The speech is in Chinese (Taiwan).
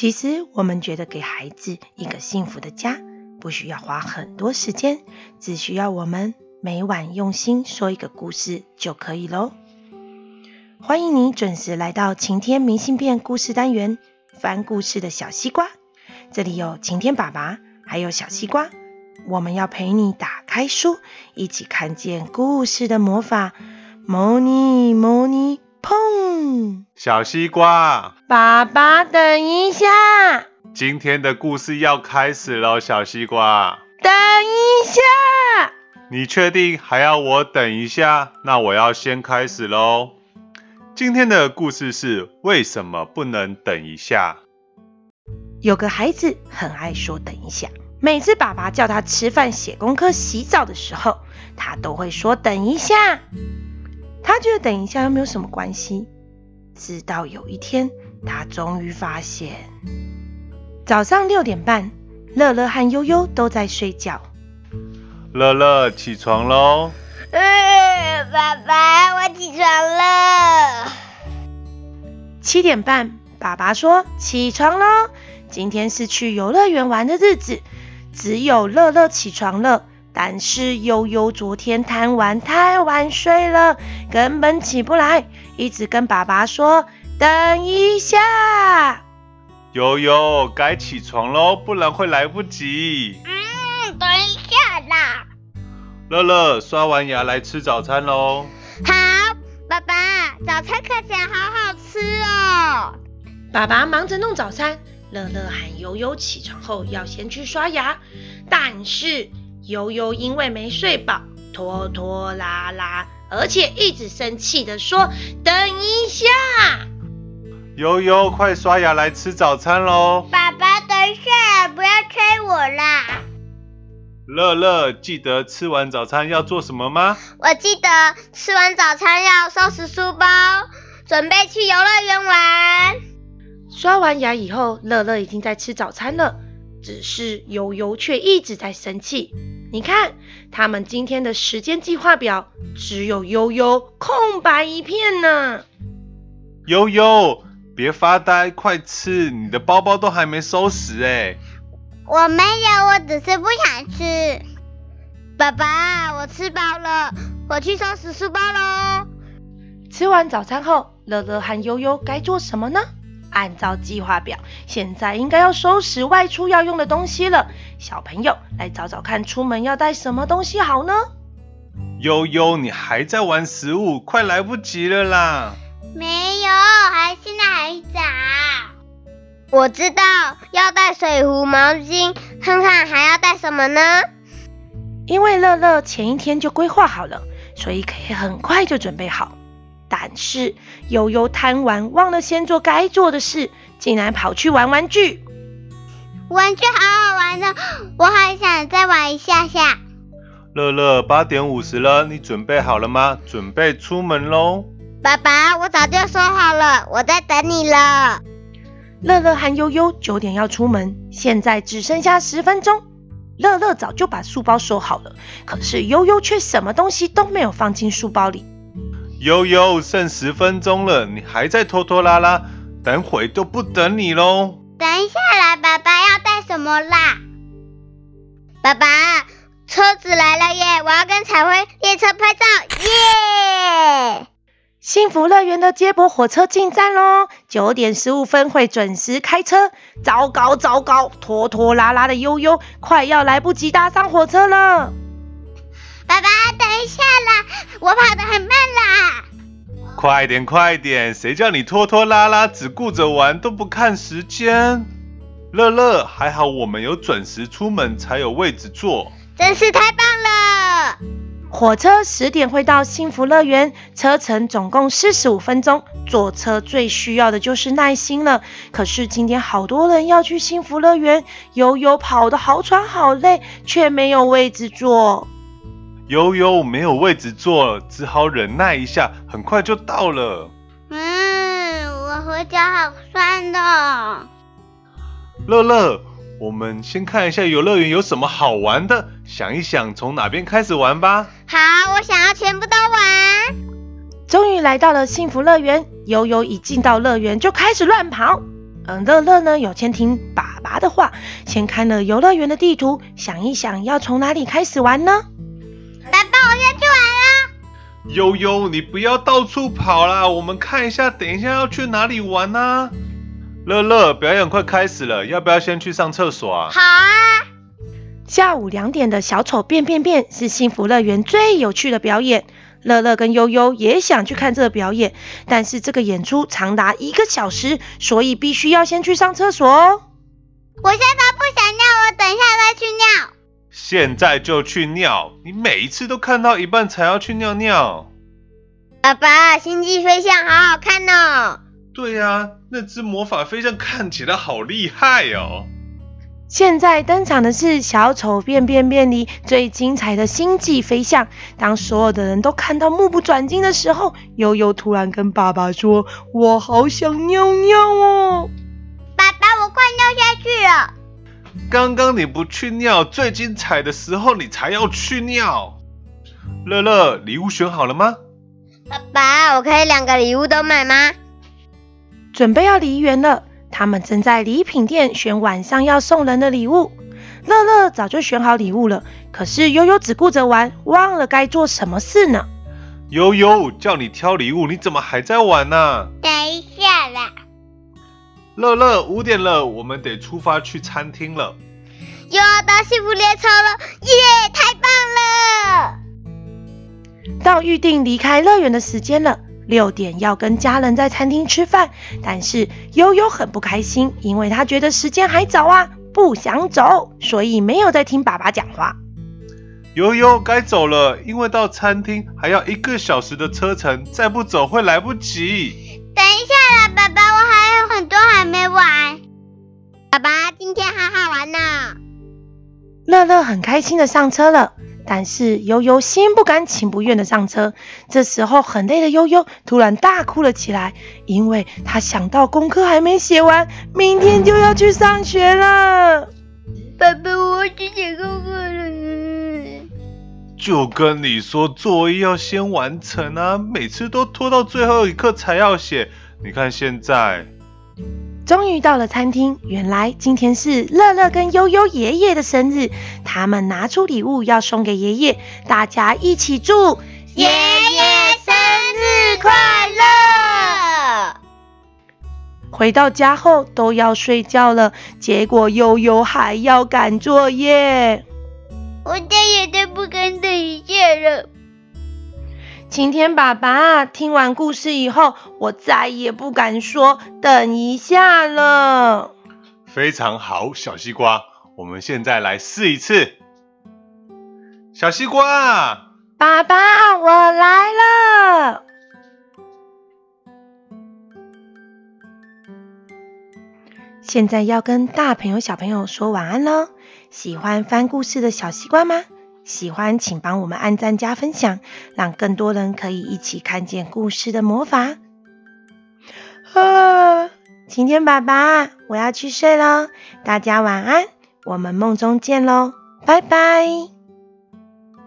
其實我們覺得給孩子一個幸福的家，不需要花很多時間，只需要我們每晚用心說一個故事，就可以嘍。歡迎你準時來到晴天明信片故事單元，翻故事的小西瓜，這裡有晴天爸爸，還有小西瓜，我們要陪你打開書，一起看見故事的魔法。魔妮，魔妮。砰！小西瓜，爸爸，等一下。今天的故事要開始嘍，小西瓜。等一下。你確定還要我等一下？那我要先開始嘍。今天的故事是為什麼不能等一下？有個孩子很愛說等一下，每次爸爸叫他吃飯、寫功課、洗澡的時候，他都會說等一下。他覺得等一下又沒有什麼關係。直到有一天，他終於發現，早上六點半，樂樂和悠悠都在睡覺。樂樂起床嘍！嗯，爸爸，我起床了。七點半，爸爸說起床嘍，今天是去遊樂園玩的日子，只有樂樂起床了。但是悠悠昨天貪玩太晚睡了，根本起不來，一直跟爸爸說等一下。悠悠該起床嘍，不然會來不及。嗯，等一下啦。樂樂刷完牙來吃早餐嘍。好，爸爸，早餐看起來好好吃哦。爸爸忙着弄早餐，樂樂喊悠悠起床後要先去刷牙，但是。悠悠因為沒睡飽，拖拖拉拉，而且一直生氣的說：“等一下，悠悠，快刷牙來吃早餐嘍！”爸爸，等一下，不要催我啦。樂樂，記得吃完早餐要做什麼嗎？我記得吃完早餐要收拾書包，準備去遊樂園玩。刷完牙以後，樂樂已經在吃早餐了，只是悠悠卻一直在生氣。你看，他們今天的時間計劃表，只有悠悠空白一片呢。悠悠，別發呆，快吃！你的包包都還沒收拾哎。我沒有，我只是不想吃。爸爸，我吃飽了，我去收拾書包嘍。吃完早餐後，樂樂和悠悠該做什麼呢？按照計劃表，現在應該要收拾外出要用的東西了。小朋友，來找找看出門要帶什麼東西好呢？悠悠，你還在玩食物，快來不及了啦！沒有，還現在還早。我知道要帶水壺、毛巾，看看還要帶什麼呢？因為樂樂前一天就規劃好了，所以可以很快就準備好。但是悠悠貪玩，忘了先做該做的事，竟然跑去玩玩具。玩具好好玩的、哦，我好想再玩一下下。樂樂，八點五十了，你準備好了嗎？準備出門嘍。爸爸，我早就說好了，我在等你了。樂樂和悠悠九點要出門，現在只剩下十分鐘。樂樂早就把書包收好了，可是悠悠卻什麼東西都沒有放進書包裡。悠悠，剩十分鐘了，你還在拖拖拉拉，等會都不等你嘍！等一下啦，爸爸要帶什麼啦？爸爸，車子來了耶！我要跟彩繪列車拍照耶！幸福樂園的接駁火車進站嘍，九點十五分會準時開車。糟糕糟糕，拖拖拉拉的悠悠，快要來不及搭上火車了。爸爸，等一下啦，我跑得很慢啦。快點快點，誰叫你拖拖拉拉，只顧着玩都不看時間。樂樂，還好我們有準時出門才有位置坐。真是太棒了！火車十點會到幸福樂園，車程總共四十五分鐘。坐車最需要的就是耐心了。可是今天好多人要去幸福樂園，悠悠跑得好喘好累，卻沒有位置坐。悠悠沒有位置坐，只好忍耐一下，很快就到了。嗯，我的腳好酸的。樂樂，我們先看一下遊樂園有什麼好玩的，想一想從哪邊開始玩吧。好，我想要全部都玩。終於來到了幸福樂園，悠悠一進到樂園就開始亂跑。嗯，樂樂呢，有先聽爸爸的話，先看了遊樂園的地圖，想一想要從哪裡開始玩呢？我先去玩啦。悠悠，你不要到處跑啦，我們看一下，等一下要去哪裡玩呢？樂樂，表演快開始了，要不要先去上廁所啊？好啊。下午兩點的小丑變變變是幸福樂園最有趣的表演，樂樂跟悠悠也想去看這個表演，但是這個演出長達一個小時，所以必須要先去上廁所哦。我現在不想尿，我等一下再去尿。現在就去尿！你每一次都看到一半才要去尿尿。爸爸，《星際飛象》好好看哦。對呀，那隻魔法飛象看起來好厲害哦。現在登場的是《小丑變變變》裡最精彩的星際飛象。當所有的人都看到目不轉睛的時候，悠悠突然跟爸爸說：“我好想尿尿哦，爸爸，我快尿下去了。”剛剛你不去尿，最精彩的時候你才要去尿。樂樂，禮物選好了嗎？爸爸，我可以兩個禮物都買嗎？準備要離園了，他們正在禮品店選晚上要送人的禮物。樂樂早就選好禮物了，可是悠悠只顧着玩，忘了該做什麼事呢？悠悠，叫你挑禮物，你怎麼還在玩呢、啊？等。樂樂，五點了，我們得出發去餐廳了。又要到幸福列車了，耶，yeah，太棒了！到預定離開樂園的時間了，六點要跟家人在餐廳吃飯，但是悠悠很不開心，因為他覺得時間還早啊，不想走，所以沒有在聽爸爸講話。悠悠該走了，因為到餐廳還要一個小時的車程，再不走會來不及。等一下啦，爸爸，我還。還有很多還沒玩，爸爸今天好好玩呢。樂樂很開心的上車了，但是悠悠心不甘情不願的上車。這時候很累的悠悠突然大哭了起來，因為他想到功課還沒寫完，明天就要去上學了。爸爸，我要去寫功課了。就跟你說，作業要先完成啊，每次都拖到最後一刻才要寫。你看現在。終於到了餐廳，原來今天是樂樂跟悠悠爺爺的生日，他們拿出禮物要送給爺爺，大家一起祝爺爺生日快樂。爺爺快樂，回到家後都要睡覺了，結果悠悠還要趕作業，我再也都不敢等一下了。晴天爸爸，聽完故事以後，我再也不敢說等一下了。非常好，小西瓜，我們現在來試一次。小西瓜，爸爸，我來了。現在要跟大朋友、小朋友說晚安嘍。喜歡翻故事的小西瓜嗎？喜歡請幫我們按讚加分享，讓更多人可以一起看見故事的魔法。啊，晴天爸爸，我要去睡嘍，大家晚安，我們夢中見嘍，拜拜。